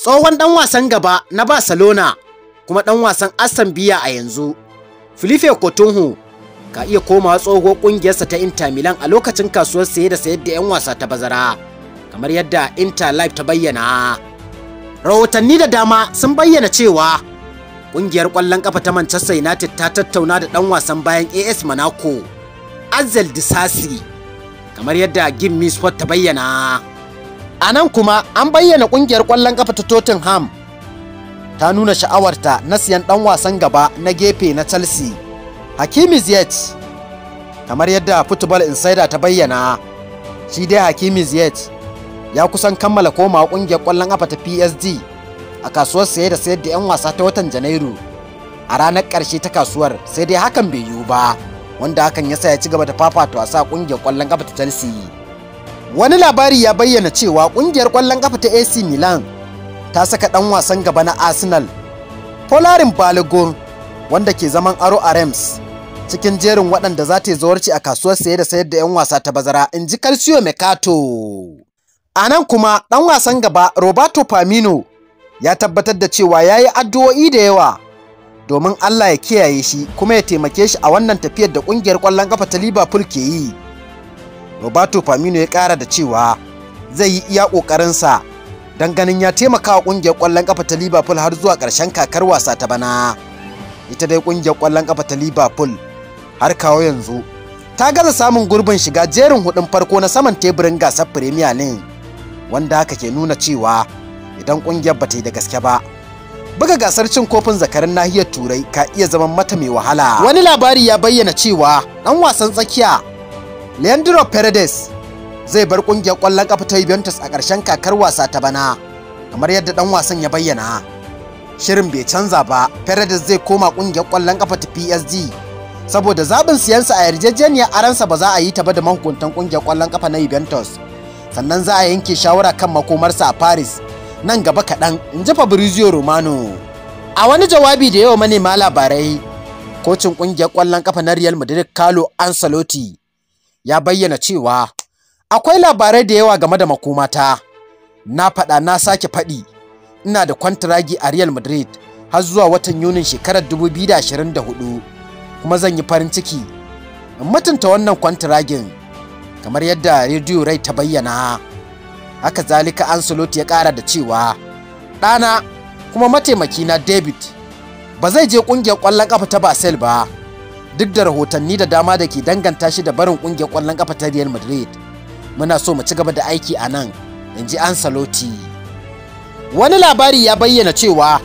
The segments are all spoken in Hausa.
tsohon ɗan wasan gaba na Barcelona kuma ɗan wasan Aston Villa a yanzu. Philippe Coutinho ka iya komawa tsohon ƙungiyarsa ta Inter Milan a lokacin kasuwar saye da sayar da 'yan wasa ta bazara, kamar yadda Inter Live ta bayyana. Rahotanni da dama sun bayyana cewa ƙungiyar ƙwallon ƙafa ta Manchester United ta tattauna da ɗan wasan bayan AS Monaco, Azel Disasi, kamar yadda Gimmi Sport ta bayyana. A nan kuma an bayyana ƙungiyar ƙwallon ƙafa ta Tottenham ta nuna sha'awarta na siyan ɗan wasan gaba na gefe na Chelsea, Hakimi Ziyech. Kamar yadda Football Insider ta bayyana, shi dai Hakimi Ziyech ya kusan kammala komawa ƙungiyar ƙwallon ƙafa ta PSG a kasuwar saye da sayar da 'yan wasa ta watan Janairu. A ranar ƙarshe ta kasuwar sai dai hakan bai yiwu ba, wanda hakan ya sa ya ci gaba da fafata wasa ƙungiyar ƙwallon ƙafa ta Chelsea. Wani labari ya bayyana cewa kungiyar ƙwallon ƙafa ta AC Milan ta saka ɗan wasan gaba na Arsenal, Polarin Balogun wanda ke zaman aro a rams cikin jerin waɗanda za ta yi zawarci a kasuwar sayar da sayar da 'yan wasa ta bazara in ji Calcio Mercato. A nan kuma ɗan wasan gaba Roberto Firmino ya tabbatar da cewa ya yi addu'o'i da yawa domin Allah ya kiyaye shi kuma ya taimake shi a wannan tafiyar da ƙungiyar ƙwallon ƙafa ta Liverpool ke yi. roberto famino ya kara da cewa zai yi iya kokarinsa don ganin ya taimaka wa kungiyar kwallon kafa ta liverpool har zuwa karshen kakar wasa ta bana ita dai kungiyar kwallon kafa ta liverpool har kawo yanzu ta gaza samun gurbin shiga jerin hudun farko na saman teburin gasar premier league wanda haka ke nuna cewa idan kungiyar ba ta yi da gaske ba buga gasar cin kofin zakarin nahiyar turai ka iya zaman mata mai wahala wani labari ya bayyana cewa dan wasan tsakiya leandro paredes zai bar kungiyar kwallon kafa ta juventus a ƙarshen kakar wasa ta bana kamar yadda dan wasan ya bayyana shirin bai canza ba paredes zai koma kungiyar kwallon kafa ta PSG saboda zaɓin siyansa a yarjejeniyar aransa ba za a yi ta ba da mahukuntan kungiyar kwallon kafa na juventus sannan za a yanke shawara kan makomarsa a paris nan gaba kaɗan in ji fabrizio romano a wani jawabi da yawa manema labarai kocin kungiyar kwallon kafa na real madrid carlo ancelotti ya bayyana cewa akwai labarai da yawa game da makomata na faɗa na sake faɗi ina da kwantiragi a real madrid har zuwa watan yunin shekarar 2024 kuma zan yi farin ciki in mutunta wannan kwantiragin kamar yadda rediyo rai ta bayyana haka zalika ancelotti ya ƙara da cewa ɗana kuma mataimaki na, david ba zai je ƙungiyar ƙwallon ƙafa ta basel ba duk da rahotanni da dama da ke danganta shi da barin kungiyar kwallon kafa ta Real Madrid. Muna so mu ci gaba da aiki a nan, in ji Ancelotti. Wani labari ya bayyana cewa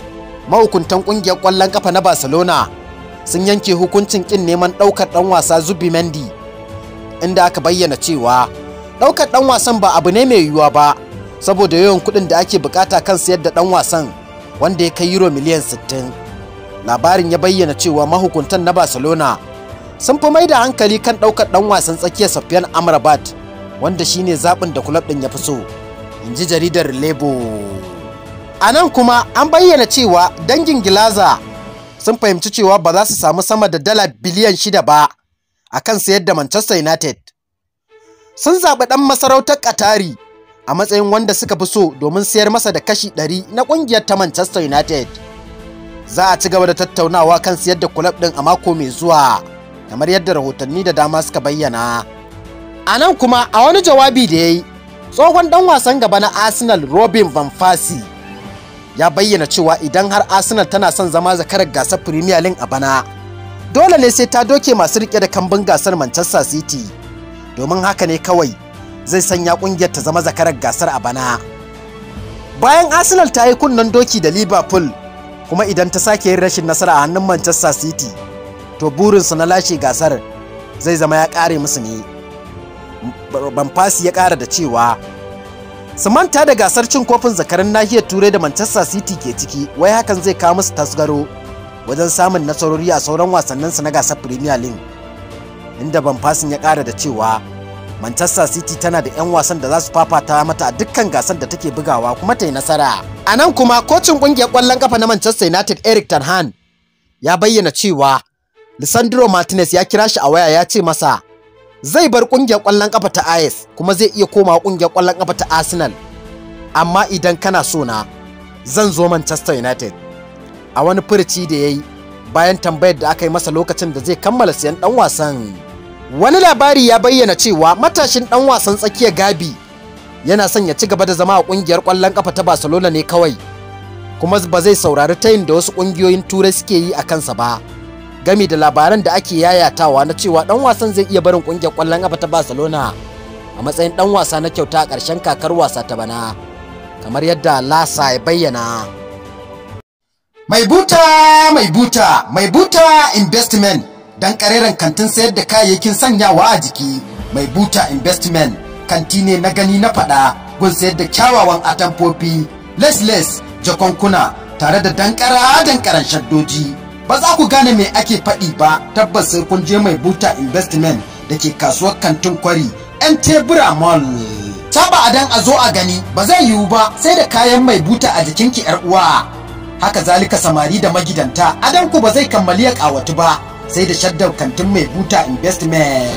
mahukuntan kungiyar kwallon kafa na Barcelona sun yanke hukuncin kin neman ɗaukar ɗan wasa Zubi Mendy, inda aka bayyana cewa ɗaukar ɗan wasan ba abu ne mai yiwuwa ba, saboda yawan kuɗin da ake bukata kan sayar da ɗan wasan wanda ya kai euro miliyan 60. labarin ya bayyana cewa mahukuntan na barcelona sun fi mai da hankali kan ɗaukar ɗan wasan tsakiyar safiyan amrabat wanda shine zaɓin da kulab ɗin ya fi so in ji jaridar lebo a nan kuma an bayyana cewa dangin gilaza sun fahimci cewa ba za su samu sama da dala biliyan shida ba a kan sayar da manchester united sun zaɓi ɗan masarautar katari a matsayin wanda suka fi so domin sayar masa da kashi 100 na ƙungiyar ta manchester united za a ci gaba da tattaunawa kan siyar da kulab ɗin a mako mai zuwa kamar yadda rahotanni da dama suka bayyana a nan kuma a wani jawabi da ya yi tsohon dan wasan gaba na arsenal robin van fasi ya bayyana cewa idan har arsenal tana son zama zakarar gasar premier league a bana dole ne sai ta doke masu rike da kambun gasar manchester city domin haka ne kawai zai sanya kungiyar ta zama zakarar gasar a bana bayan arsenal ta yi kunnen doki da liverpool kuma idan ta sake yin rashin nasara a hannun Manchester City to burinsu na lashe gasar zai zama ya kare musu ne Banfasi ya kara da cewa su manta da gasar cin kofin zakarin nahiyar turai da Manchester City ke ciki wai hakan zai kawo musu tasgaro wajen samun nasarori a sauran wasannin wasanninsu na gasar Premier League inda Banfasin ya kara da cewa manchester city tana da 'yan wasan da za su fafata mata a dukkan gasar da take bugawa kuma ta yi nasara a nan kuma kocin ƙungiyar ƙwallon kafa na manchester united eric ten Hag ya bayyana cewa lisandro martinez ya kira shi a waya ya ce masa zai bar ƙungiyar ƙwallon kafa ta AS kuma zai iya komawa ƙungiyar ƙwallon kafa ta arsenal amma idan kana so na zan zo manchester united a wani furici da ya yi bayan tambayar da aka yi masa lokacin da zai kammala siyan ɗan wasan wani labari ya bayyana cewa matashin dan wasan tsakiyar gabi yana son ya ci gaba da zama a kungiyar kwallon kafa ta barcelona ne kawai kuma ba zai saurari tayin da wasu kungiyoyin turai suke yi a kansa ba gami da labaran da ake yayatawa na cewa dan wasan zai iya barin kungiyar kwallon kafa ta barcelona a matsayin dan wasa na kyauta a ƙarshen kakar wasa ta bana kamar yadda lasa ya bayyana mai buta mai buta mai buta investment don kareren kantin sayar da kayayyakin sanyawa a jiki mai buta investment kanti ne na gani na fada gun sayar da kyawawan atamfofi les-les jakonkuna tare da dankara dankaran shaddoji ba za ku gane me ake faɗi ba tabbas sai kun je mai buta investment da ke kasuwar kantin kwari yan tebura mall saba dan a zo a gani ba zai yiwu ba sai da kayan mai buta a jikinki yar uwa haka zalika samari da magidanta adan ku ba zai kammali ya kawatu ba sai da shaddar kantin mai buta investment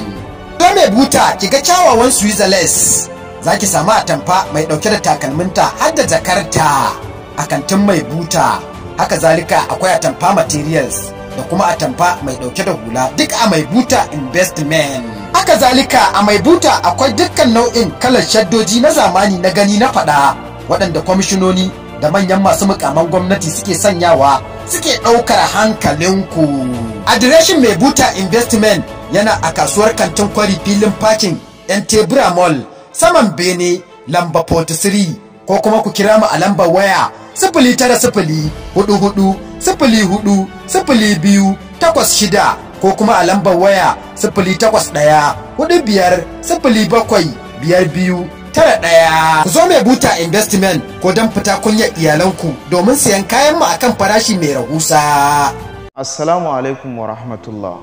don mai buta ki ga kyawawan switzerlands za ki samu atamfa mai ɗauke da takalminta har da jakarta a kantin mai buta haka zalika akwai atamfa materials da kuma atamfa mai ɗauke da hula duk a mai buta investment haka zalika a mai buta akwai dukkan nau'in kalar shaddoji na zamani na gani na faɗa waɗanda kwamishinoni da manyan masu mukaman gwamnati suke sanyawa suke ɗaukar hankalinku. Adireshin mai buta investment yana a kasuwar kantin kwari filin pakin yan tebura mall saman bene lamba 43 ko kuma ku kira mu a lambar waya sifili tara sifili hudu hudu sifili hudu sifili biyu takwas shida ko kuma a lambar waya sifili takwas ɗaya hudu biyar sifili bakwai biyar biyu tara ɗaya. Ku zo mai buta investment ko don fita kunya iyalanku domin sayan kayan mu akan farashi mai rahusa. Assalamu alaikum wa rahmatullah.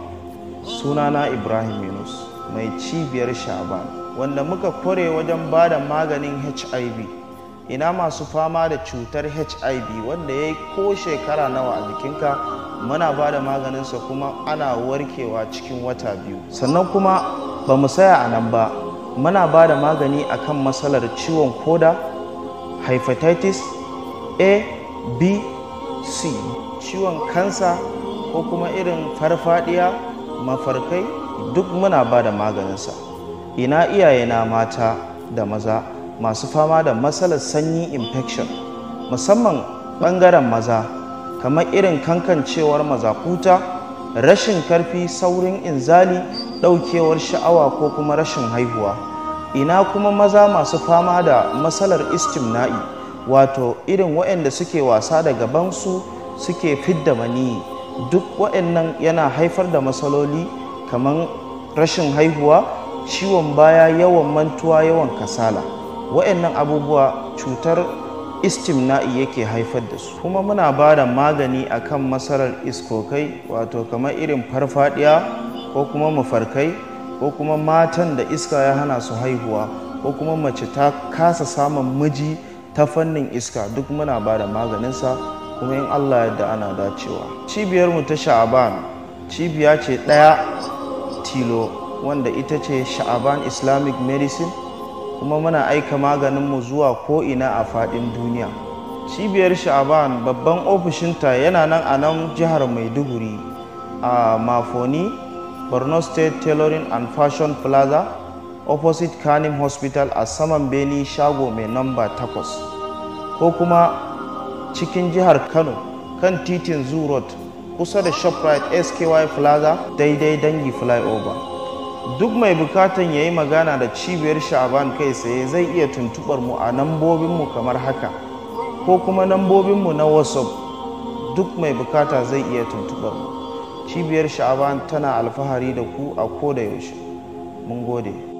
Sunana Ibrahim Yunus mai cibiyar Shaban wanda muka kware wajen ba da maganin HIV. Ina masu fama da cutar HIV wanda ya yi ko shekara nawa a jikinka muna ba da maganinsa kuma ana warkewa cikin wata biyu. Sannan kuma ba mu saya a nan ba muna ba da magani a kan matsalar ciwon koda hepatitis a b c ciwon kansa ko kuma irin farfadiya mafarkai duk muna ba da maganinsa ina iyaye na mata da maza masu fama da matsalar sanyi infection musamman ɓangaren maza kamar irin kankancewar mazakuta rashin karfi saurin inzali daukewar sha'awa ko kuma rashin haihuwa ina kuma maza masu fama da matsalar istimna'i wato irin waɗanda suke wasa da gabansu suke fidda maniyi duk waɗannan yana haifar da matsaloli kamar rashin haihuwa ciwon baya yawan mantuwa yawan kasala waɗannan abubuwa cutar istimna'i yake haifar da su kuma muna ba da magani akan matsalar iskokai wato kamar irin farfadiya ko kuma mafarkai ko kuma matan da iska ya hana su haihuwa ko kuma mace ta kasa samun miji ta fannin iska duk muna ba da maganinsa kuma in allah yadda ana dacewa cibiyarmu ta sha'aban cibiya ce ɗaya tilo wanda ita ce sha'aban islamic medicine kuma muna aika maganinmu zuwa ko'ina a faɗin duniya cibiyar sha'aban babban ofishinta yana nan a nan jihar maiduguri a mafoni Borno State Tailoring and Fashion Plaza opposite Kanim Hospital a saman Beni shago mai namba takwas ko kuma cikin jihar Kano kan titin Zoo Road kusa da Shoprite SKY Plaza daidai dangi flyover. Duk mai bukatan ya yi magana da cibiyar Sha'aban kai saye zai iya tuntubar mu a nambobinmu kamar haka ko kuma nambobinmu na WhatsApp duk mai bukata zai iya tuntubar mu. cibiyar sha'aban tana alfahari da ku a ko da yaushe mun gode